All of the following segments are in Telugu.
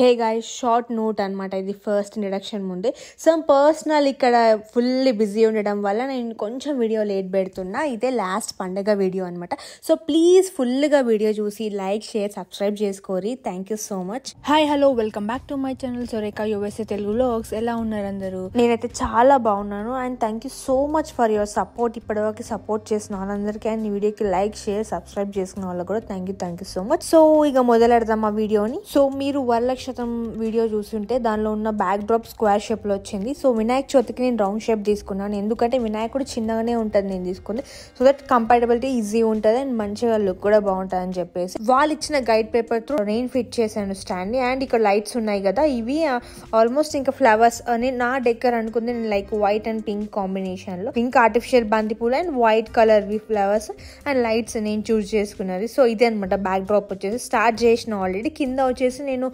హే గాయ్ షార్ట్ నోట్ అనమాట ఇది ఫస్ట్ ఇంట్రడక్షన్ ముందే సో పర్సనల్ ఇక్కడ ఫుల్లీ బిజీ ఉండడం వల్ల నేను కొంచెం వీడియో లేట్ పెడుతున్నా ఇదే లాస్ట్ పండగ వీడియో అనమాట సో ప్లీజ్ ఫుల్గా వీడియో చూసి లైక్ షేర్ సబ్స్క్రైబ్ చేసుకోరి thank you so much hi hello welcome back to my channel Surekha USA Telugu vlogs ఎలా ఉన్నారు అందరూ నేనైతే చాలా బాగున్నాను and thank you so much for your support ఇప్పటివరకు సపోర్ట్ చేసిన వాళ్ళందరికీ అండ్ వీడియోకి లైక్ షేర్ సబ్స్క్రైబ్ చేసుకున్న వాళ్ళకి కూడా thank you thank you so much so ఇక మొదలెడదాం ఆ వీడియోని సో మీరు వరలక్ష్మి శతం వీడియో ఉంటే దానిలో ఉన్న బ్యాక్ డ్రాప్ స్క్వేర్ షేప్లో వచ్చింది సో వినాయక చవితికి నేను రౌండ్ షేప్ తీసుకున్నాను ఎందుకంటే వినాయకుడు చిన్నగానే ఉంటుంది నేను తీసుకుంది సో దట్ కంపాటబిలిటీ ఈజీ ఉంటుంది అండ్ మంచిగా లుక్ కూడా బాగుంటుంది అని చెప్పేసి వాళ్ళు ఇచ్చిన గైడ్ పేపర్ త్రో నేను ఫిట్ చేశాను స్టాండ్ అండ్ ఇక్కడ లైట్స్ ఉన్నాయి కదా ఇవి ఆల్మోస్ట్ ఇంకా ఫ్లవర్స్ అని నా డెక్కర్ అనుకుంది నేను లైక్ వైట్ అండ్ పింక్ కాంబినేషన్లో పింక్ ఆర్టిఫిషియల్ బంతిపూలు అండ్ వైట్ కలర్వి ఫ్లవర్స్ అండ్ లైట్స్ నేను చూస్ చేసుకున్నది సో ఇదే అనమాట బ్యాక్ డ్రాప్ వచ్చేసి స్టార్ట్ చేసిన ఆల్రెడీ కింద వచ్చేసి నేను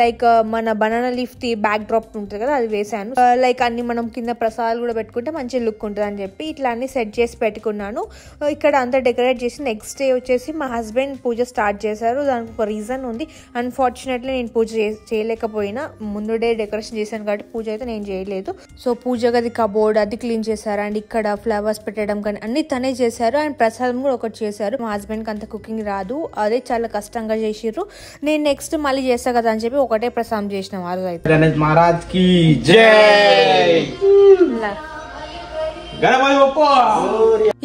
లైక్ లైక్ uh, మన banana leaf the backdrop ఉంటుంది కదా అది వేసాను లైక్ uh, అన్ని మనం కింద ప్రసాదాలు కూడా పెట్టుకుంటే మంచి లుక్ ఉంటుంది అని చెప్పి ఇట్లా అన్ని సెట్ చేసి పెట్టుకున్నాను uh, ఇక్కడ అంతా డెకరేట్ చేసి నెక్స్ట్ డే వచ్చేసి మా హస్బెండ్ పూజ స్టార్ట్ చేశారు దానికి ఒక రీజన్ ఉంది అన్ఫార్చునేట్లీ నేను పూజ చేయలేకపోయినా ముందు డే డెకరేషన్ చేశాను కాబట్టి పూజ అయితే నేను చేయలేదు సో పూజ గది కబోర్డ్ అది క్లీన్ చేశారు అండ్ ఇక్కడ ఫ్లవర్స్ పెట్టడం కానీ అన్ని తనే చేశారు అండ్ ప్రసాదం కూడా ఒకటి చేశారు మా హస్బెండ్కి అంత కుకింగ్ రాదు అదే చాలా కష్టంగా చేసిర్రు నేను నెక్స్ట్ మళ్ళీ చేస్తా కదా అని చెప్పి ఒకటే ప్రసాదం చేసినాం ఆ రోజు అయితే గణేష్ మహారాజ్ కి జై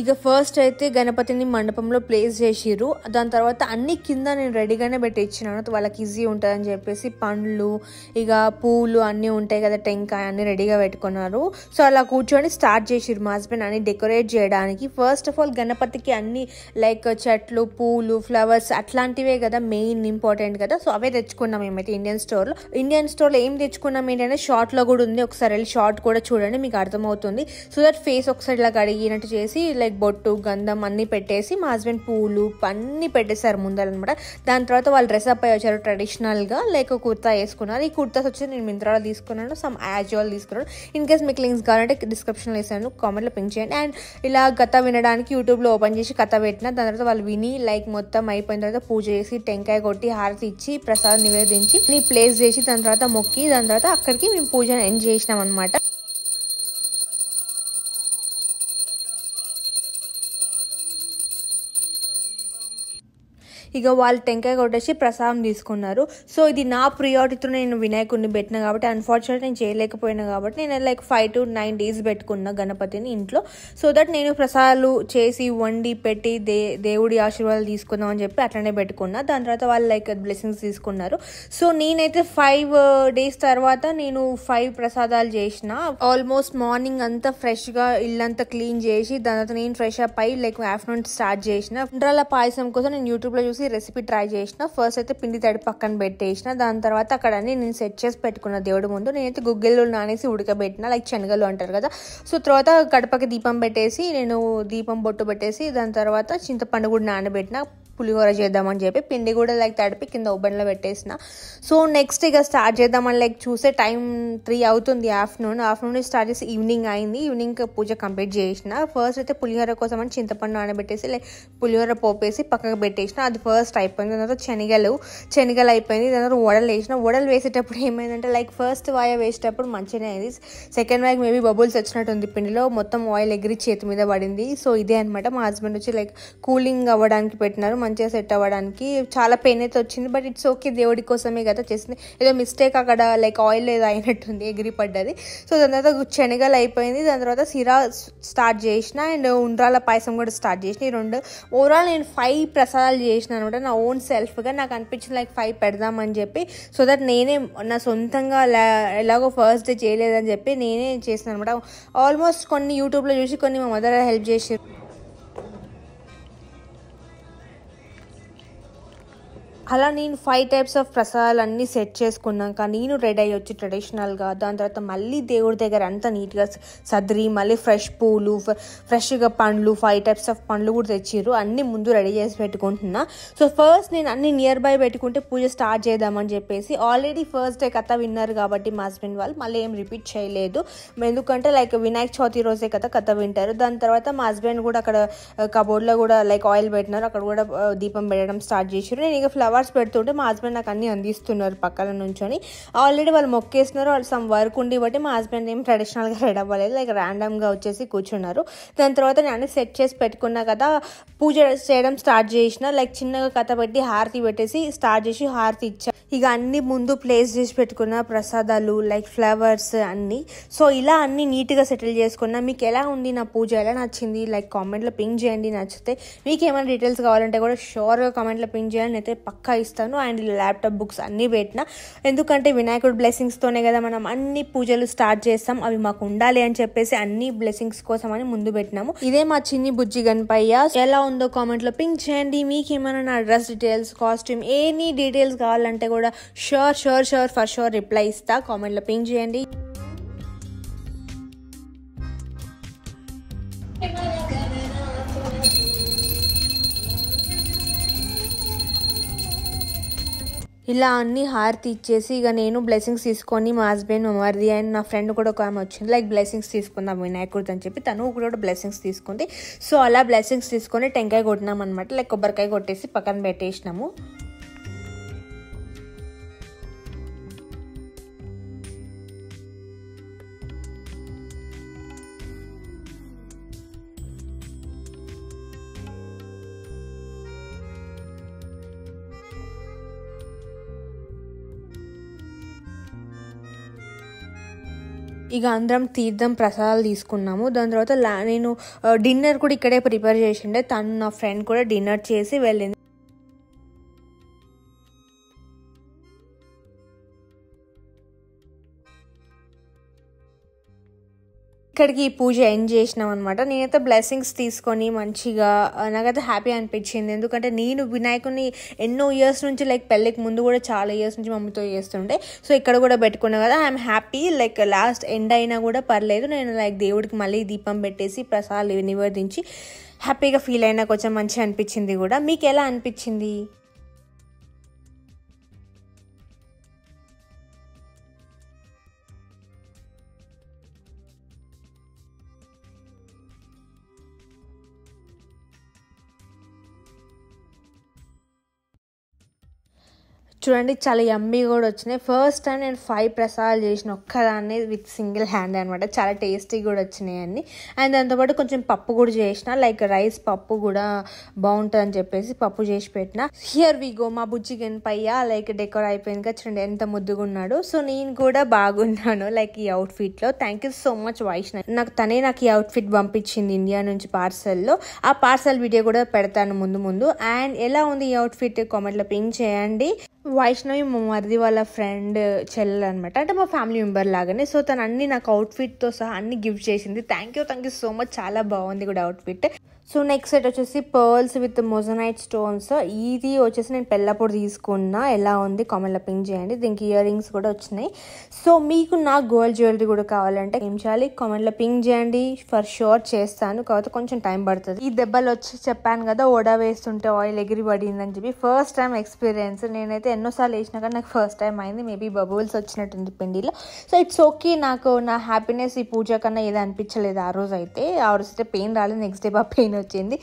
ఇక ఫస్ట్ అయితే గణపతిని మండపంలో ప్లేస్ చేసిర్రు దాని తర్వాత అన్ని కింద నేను రెడీగానే పెట్టి ఇచ్చినాను వాళ్ళకి ఈజీ ఉంటుంది అని చెప్పేసి పండ్లు ఇక పూలు అన్నీ ఉంటాయి కదా టెంకాయ అన్ని రెడీగా పెట్టుకున్నారు సో అలా కూర్చొని స్టార్ట్ చేసిర్రు మా హస్బెండ్ అన్ని డెకరేట్ చేయడానికి ఫస్ట్ ఆఫ్ ఆల్ గణపతికి అన్ని లైక్ చెట్లు పూలు ఫ్లవర్స్ అట్లాంటివే కదా మెయిన్ ఇంపార్టెంట్ కదా సో అవే తెచ్చుకున్నాం ఏమైతే ఇండియన్ స్టోర్లో ఇండియన్ స్టోర్లో ఏం తెచ్చుకున్నాం ఏంటంటే షార్ట్లో కూడా ఉంది ఒకసారి వెళ్ళి షార్ట్ కూడా చూడండి మీకు అర్థమవుతుంది సో దట్ ఫేస్ ఫేస్ ఒకసారి ఇలా కడిగినట్టు చేసి లైక్ బొట్టు గంధం అన్నీ పెట్టేసి మా హస్బెండ్ పూలు అన్నీ పెట్టేశారు ముందరనమాట దాని తర్వాత వాళ్ళు డ్రెస్ అప్ అయ్యి వచ్చారు ట్రెడిషనల్గా లైక్ కుర్తా వేసుకున్నారు ఈ కుర్తాస్ వచ్చి నేను మింత్రాలో తీసుకున్నాను సమ్ యాజువల్ తీసుకున్నాను ఇన్ కేస్ మీకు లింక్స్ కావాలంటే డిస్క్రిప్షన్లో వేసాను కామెంట్లో పింక్ చేయండి అండ్ ఇలా కథ వినడానికి యూట్యూబ్లో ఓపెన్ చేసి కథ పెట్టిన దాని తర్వాత వాళ్ళు విని లైక్ మొత్తం అయిపోయిన తర్వాత పూజ చేసి టెంకాయ కొట్టి హారతి ఇచ్చి ప్రసాదం నివేదించి నీ ప్లేస్ చేసి దాని తర్వాత మొక్కి దాని తర్వాత అక్కడికి మేము పూజను ఎంజాయ్ చేసినాం అనమాట ఇక వాళ్ళు టెంకాయ కొట్టేసి ప్రసాదం తీసుకున్నారు సో ఇది నా ప్రియారిటీతో నేను వినాయకుడిని పెట్టిన కాబట్టి అన్ఫార్చునేట్ నేను చేయలేకపోయినా కాబట్టి నేను like five to nine days పెట్టుకున్న గణపతిని ఇంట్లో సో దట్ నేను ప్రసాదాలు చేసి వండి పెట్టి దే దేవుడి ఆశీర్వాదాలు తీసుకుందాం అని చెప్పి అట్లనే పెట్టుకున్నా దాని తర్వాత వాళ్ళు లైక్ బ్లెస్సింగ్స్ తీసుకున్నారు సో నేనైతే ఫైవ్ డేస్ తర్వాత నేను ఫైవ్ ప్రసాదాలు చేసిన ఆల్మోస్ట్ మార్నింగ్ అంతా ఫ్రెష్గా ఇల్లంతా క్లీన్ చేసి దాని తర్వాత నేను ఫ్రెష్ అప్ అయ్యి లైక్ ఆఫ్టర్నూన్ స్టార్ట్ చేసిన ఉండ్రాల పాయసం కోసం నేను యూట్యూబ్లో చూసి రెసిపీ ట్రై చేసిన ఫస్ట్ అయితే పిండి తడి పక్కన పెట్టేసిన దాని తర్వాత అక్కడ నేను సెట్ చేసి పెట్టుకున్న దేవుడు ముందు నేనైతే గుగ్గిళ్ళు నానేసి ఉడకబెట్టిన లైక్ శనగలు అంటారు కదా సో తర్వాత గడపకి దీపం పెట్టేసి నేను దీపం బొట్టు పెట్టేసి దాని తర్వాత చింతపండు కూడా నానబెట్టిన పులిహోర చేద్దామని చెప్పి పిండి కూడా లైక్ తడిపి కింద ఓపెన్లో పెట్టేసిన సో నెక్స్ట్ ఇక స్టార్ట్ చేద్దామని లైక్ చూసే టైం త్రీ అవుతుంది ఆఫ్టర్నూన్ ఆఫ్టర్నూన్ స్టార్ట్ చేసి ఈవినింగ్ అయింది ఈవినింగ్ పూజ కంప్లీట్ చేసిన ఫస్ట్ అయితే పులిహోర కోసం అని చింతపండు నానబెట్టేసి లైక్ పులిహోర పోపేసి పక్కకు పెట్టేసిన అది ఫస్ట్ అయిపోయింది దాని తర్వాత శనగలు శనగలు అయిపోయింది దాని తర్వాత వడలు వేసిన వడలు వేసేటప్పుడు ఏమైందంటే లైక్ ఫస్ట్ వాయ వేసేటప్పుడు మంచిగానే అయింది సెకండ్ వాయ్ మేబీ బబుల్స్ వచ్చినట్టుంది పిండిలో మొత్తం ఆయిల్ ఎగిరి చేతి మీద పడింది సో ఇదే అనమాట మా హస్బెండ్ వచ్చి లైక్ కూలింగ్ అవ్వడానికి పెట్టినారు మంచిగా సెట్ అవ్వడానికి చాలా పెయిన్ అయితే వచ్చింది బట్ ఇట్స్ ఓకే దేవుడి కోసమే కదా చేసింది ఏదో మిస్టేక్ అక్కడ లైక్ ఆయిల్ ఏదో అయినట్టుంది ఎగిరి పడ్డది సో దాని తర్వాత శనగలు అయిపోయింది దాని తర్వాత సిరా స్టార్ట్ చేసిన అండ్ ఉండ్రాల పాయసం కూడా స్టార్ట్ చేసిన ఈ రెండు ఓవరాల్ నేను ఫైవ్ ప్రసాదాలు చేసిన అనమాట నా ఓన్ సెల్ఫ్గా నాకు అనిపించింది లైక్ ఫైవ్ పెడదామని చెప్పి సో దట్ నేనే నా సొంతంగా ఎలాగో ఫస్ట్ డే చేయలేదని చెప్పి నేనే చేసిన అనమాట ఆల్మోస్ట్ కొన్ని యూట్యూబ్లో చూసి కొన్ని మా మదర్ హెల్ప్ చేసి అలా నేను ఫైవ్ టైప్స్ ఆఫ్ ప్రసాదాలన్నీ సెట్ చేసుకున్నాక నేను రెడీ అయ్యొచ్చు ట్రెడిషనల్గా దాని తర్వాత మళ్ళీ దేవుడి దగ్గర అంతా నీట్గా సదిరి మళ్ళీ ఫ్రెష్ పూలు ఫ్రెష్గా పండ్లు ఫైవ్ టైప్స్ ఆఫ్ పండ్లు కూడా తెచ్చిర్రు అన్నీ ముందు రెడీ చేసి పెట్టుకుంటున్నా సో ఫస్ట్ నేను అన్ని నియర్ బై పెట్టుకుంటే పూజ స్టార్ట్ చేద్దామని చెప్పేసి ఆల్రెడీ ఫస్ట్ డే కథ విన్నారు కాబట్టి మా హస్బెండ్ వాళ్ళు మళ్ళీ ఏం రిపీట్ చేయలేదు ఎందుకంటే లైక్ వినాయక చవితి రోజే కథ కథ వింటారు దాని తర్వాత మా హస్బెండ్ కూడా అక్కడ కబోర్డ్లో uh, కూడా లైక్ ఆయిల్ పెట్టినారు అక్కడ కూడా uh, దీపం పెట్టడం స్టార్ట్ చేసారు నేను ఇక ఫ్లవర్ ఫ్లవర్స్ పెడుతుంటే మా హస్బెండ్ నాకు అన్నీ అందిస్తున్నారు పక్కన నుంచొని ఆల్రెడీ వాళ్ళు మొక్కేస్తున్నారు వాళ్ళు సమ్ వర్క్ ఉండి బట్టి మా హస్బెండ్ ఏం ట్రెడిషనల్గా రెడీ అవ్వలేదు లైక్ ర్యాండమ్గా వచ్చేసి కూర్చున్నారు దాని తర్వాత నేను అన్ని సెట్ చేసి పెట్టుకున్నా కదా పూజ చేయడం స్టార్ట్ చేసిన లైక్ చిన్నగా కథ పెట్టి హారతి పెట్టేసి స్టార్ట్ చేసి హారతి ఇచ్చా ఇక అన్ని ముందు ప్లేస్ చేసి పెట్టుకున్న ప్రసాదాలు లైక్ ఫ్లవర్స్ అన్నీ సో ఇలా అన్ని నీట్గా సెటిల్ చేసుకున్నా మీకు ఎలా ఉంది నా పూజ ఎలా నచ్చింది లైక్ కామెంట్లో పింక్ చేయండి నచ్చితే మీకు ఏమైనా డీటెయిల్స్ కావాలంటే కూడా షూర్గా కామెంట్లో పింక్ చేయాలని అయితే పక్క పక్కా ఇస్తాను అండ్ ల్యాప్టాప్ బుక్స్ అన్నీ పెట్టిన ఎందుకంటే వినాయకుడు బ్లెస్సింగ్స్తోనే కదా మనం అన్ని పూజలు స్టార్ట్ చేస్తాం అవి మాకు ఉండాలి అని చెప్పేసి అన్ని బ్లెస్సింగ్స్ కోసం అని ముందు పెట్టినాము ఇదే మా చిన్ని బుజ్జి గణపయ్య ఎలా ఉందో కామెంట్ లో పింక్ చేయండి మీకు ఏమైనా నా dress details costume any details కావాలంటే కూడా sure sure sure for sure reply ఇస్తా కామెంట్ లో పింక్ చేయండి ఇలా అన్ని హారతి ఇచ్చేసి ఇక నేను బ్లెస్సింగ్స్ తీసుకొని మా హస్బెండ్ మరిది అండ్ నా ఫ్రెండ్ కూడా ఒక ఆమె వచ్చింది లైక్ బ్లెస్సింగ్స్ తీసుకుందాం వినాయకుడిది అని చెప్పి తను కూడా బ్లెస్సింగ్స్ తీసుకుంది సో అలా బ్లెస్సింగ్స్ తీసుకొని టెంకాయ కొట్టినాం అనమాట లైక్ కొబ్బరికాయ కొట్టేసి పక్కన పెట్టేసినాము ఇక అందరం తీర్థం ప్రసాదాలు తీసుకున్నాము దాని తర్వాత నేను డిన్నర్ కూడా ఇక్కడే ప్రిపేర్ చేసిండే తను నా ఫ్రెండ్ కూడా డిన్నర్ చేసి వెళ్ళింది ఇక్కడికి ఈ పూజ ఎండ్ చేసినాం అనమాట నేనైతే బ్లెస్సింగ్స్ తీసుకొని మంచిగా నాకైతే హ్యాపీ అనిపించింది ఎందుకంటే నేను వినాయకుని ఎన్నో ఇయర్స్ నుంచి లైక్ పెళ్ళికి ముందు కూడా చాలా ఇయర్స్ నుంచి మమ్మీతో చేస్తుండే సో ఇక్కడ కూడా పెట్టుకున్నా కదా I'm happy like last end అయినా కూడా పర్లేదు నేను లైక్ దేవుడికి మళ్ళీ దీపం పెట్టేసి ప్రసాదాలు నివేదించి హ్యాపీగా ఫీల్ అయినా కొంచెం మంచిగా అనిపించింది కూడా మీకు ఎలా అనిపించింది చూడండి చాలా యమ్మీ కూడా వచ్చినాయి ఫస్ట్ టైం నేను ఫైవ్ ప్రసాదాలు చేసిన ఒక్కదాన్ని విత్ సింగిల్ హ్యాండ్ అనమాట చాలా టేస్టీ కూడా వచ్చినాయి అన్ని అండ్ దాంతోపాటు కొంచెం పప్పు కూడా చేసిన లైక్ రైస్ పప్పు కూడా బాగుంటుంది అని చెప్పేసి పప్పు చేసి పెట్టిన హియర్ వి గో మా బుజ్జి గెనిపయ్యా లైక్ డెకోర్ అయిపోయిందిగా చూడండి ఎంత ముద్దుగా ఉన్నాడు సో నేను కూడా బాగున్నాను లైక్ ఈ అవుట్ఫిట్లో thank you so much Vaishna నాకు తనే నాకు ఈ అవుట్ఫిట్ పంపించింది ఇండియా నుంచి పార్సల్లో ఆ పార్సల్ వీడియో కూడా పెడతాను ముందు ముందు అండ్ ఎలా ఉంది ఈ అవుట్ఫిట్ కామెంట్లో పింక్ చేయండి వైష్ణవి మరిది వాళ్ళ ఫ్రెండ్ చెల్లెలు అనమాట అంటే మా ఫ్యామిలీ మెంబర్ లాగానే సో తను అన్ని నాకు అవుట్ఫిట్తో సహా అన్ని గిఫ్ట్ చేసింది thank you thank you so much చాలా బాగుంది కూడా అవుట్ఫిట్ సో నెక్స్ట్ సెట్ వచ్చేసి పర్ల్స్ విత్ మొజనైట్ స్టోన్స్ ఇది వచ్చేసి నేను పెళ్ళప్పుడు తీసుకున్నా ఎలా ఉంది కామెంట్లో పింక్ చేయండి దీనికి ఇయర్ రింగ్స్ కూడా వచ్చినాయి సో మీకు నా గోల్డ్ జ్యువెలరీ కూడా కావాలంటే ఏం చేయాలి కామెంట్లో పింక్ చేయండి ఫర్ షూర్ చేస్తాను కాబట్టి కొంచెం టైం పడుతుంది ఈ దెబ్బలు వచ్చి చెప్పాను కదా ఓడా వేస్తుంటే ఆయిల్ ఎగిరి పడిందని చెప్పి ఫస్ట్ టైం ఎక్స్పీరియన్స్ నేనైతే ఎన్నోసార్లు వేసినా కానీ నాకు ఫస్ట్ టైం అయింది మేబీ బబుల్స్ వచ్చినట్టుంది పిండిలో సో ఇట్స్ ఓకే నాకు నా హ్యాపీనెస్ ఈ పూజ కన్నా ఏదో అనిపించలేదు ఆ రోజు అయితే ఆ రోజు అయితే పెయిన్ రాలేదు నెక్స్ట్ డే బా పెయిన్ వచ్చింది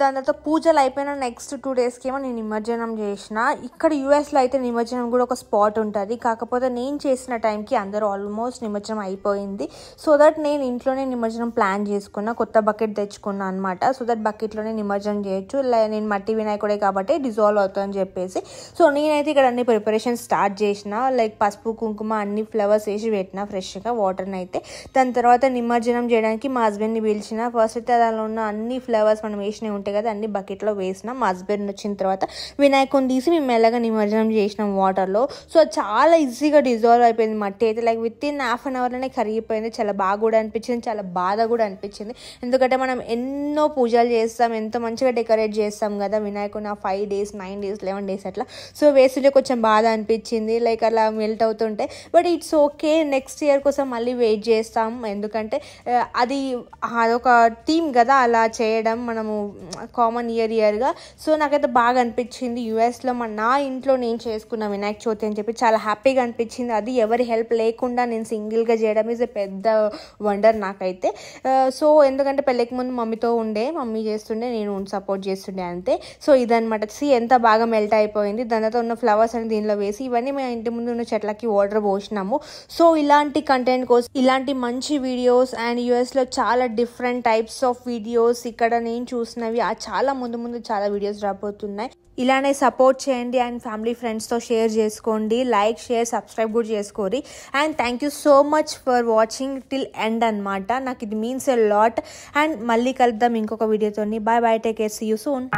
దాని తర్వాత పూజలు అయిపోయిన నెక్స్ట్ టూ డేస్కి ఏమో నేను నిమజ్జనం చేసిన ఇక్కడ యూఎస్లో అయితే నిమజ్జనం కూడా ఒక స్పాట్ ఉంటుంది కాకపోతే నేను చేసిన టైంకి అందరూ ఆల్మోస్ట్ నిమజ్జనం అయిపోయింది సో దట్ నేను ఇంట్లోనే నిమజ్జనం ప్లాన్ చేసుకున్నా కొత్త బకెట్ తెచ్చుకున్నా అనమాట సో దట్ బకెట్లోనే నిమజ్జనం చేయొచ్చు నేను మట్టి వినాయకుడే కాబట్టి డిజాల్వ్ అవుతుందని చెప్పేసి సో నేనైతే ఇక్కడ అన్ని ప్రిపరేషన్ స్టార్ట్ చేసిన లైక్ పసుపు కుంకుమ అన్ని ఫ్లవర్స్ వేసి పెట్టిన ఫ్రెష్గా వాటర్ని అయితే దాని తర్వాత నిమజ్జనం చేయడానికి మా హస్బెండ్ని పిలిచిన ఫస్ట్ అయితే దానిలో ఉన్న అన్ని ఫ్లవర్స్ మనం వేసినవి ఉంటాయి కదా అన్ని బకెట్లో వేసినాం మా హస్బెండ్ వచ్చిన తర్వాత వినాయకుని తీసి మేము మెల్లగా నిమజ్జనం చేసినాం వాటర్లో సో చాలా ఈజీగా డిజాల్వ్ అయిపోయింది మట్టి అయితే like within half an అవర్లోనే కరిగిపోయింది చాలా బాగా కూడా అనిపించింది చాలా బాధ కూడా అనిపించింది ఎందుకంటే మనం ఎన్నో పూజలు చేస్తాం ఎంతో మంచిగా డెకరేట్ చేస్తాం కదా వినాయకుని ఆ five days nine days eleven days అట్లా సో వేసులో కొంచెం బాధ అనిపించింది లైక్ అలా మెల్ట్ అవుతుంటే but it's okay next year కోసం మళ్ళీ వెయిట్ చేస్తాం ఎందుకంటే అది అదొక థీమ్ కదా అలా చేయడం మనము కామన్ ఇయర్ ఇయర్గా సో నాకైతే బాగా అనిపించింది యూఎస్లో మన నా ఇంట్లో నేను చేసుకున్న వినాయక చవితి అని చెప్పి చాలా హ్యాపీగా అనిపించింది అది ఎవరి హెల్ప్ లేకుండా నేను సింగిల్గా చేయడం ఈజ్ పెద్ద వండర్ నాకైతే సో ఎందుకంటే పెళ్ళికి ముందు మమ్మీతో ఉండే మమ్మీ చేస్తుండే నేను సపోర్ట్ చేస్తుండే అంతే సో ఇదనమాట సి ఎంత బాగా మెల్ట్ అయిపోయింది దానితో ఉన్న ఫ్లవర్స్ అని దీనిలో వేసి ఇవన్నీ మేము ఇంటి ముందు ఉన్న చెట్లకి వాటర్ పోసినాము సో ఇలాంటి కంటెంట్ కోసం ఇలాంటి మంచి వీడియోస్ అండ్ యూఎస్లో చాలా డిఫరెంట్ టైప్స్ ఆఫ్ వీడియోస్ ఇక్కడ నేను చూసినవి చాలా ముందు ముందు చాలా వీడియోస్ రాబోతున్నాయి ఇలానే సపోర్ట్ చేయండి అండ్ ఫ్యామిలీ ఫ్రెండ్స్తో షేర్ చేసుకోండి లైక్ షేర్ సబ్స్క్రైబ్ కూడా చేసుకోరి and thank you so much for watching till end అనమాట నాకు ఇది మీన్స్ ఎ లాట్ అండ్ మళ్ళీ కలుద్దాం ఇంకొక వీడియోతో bye bye take care see you soon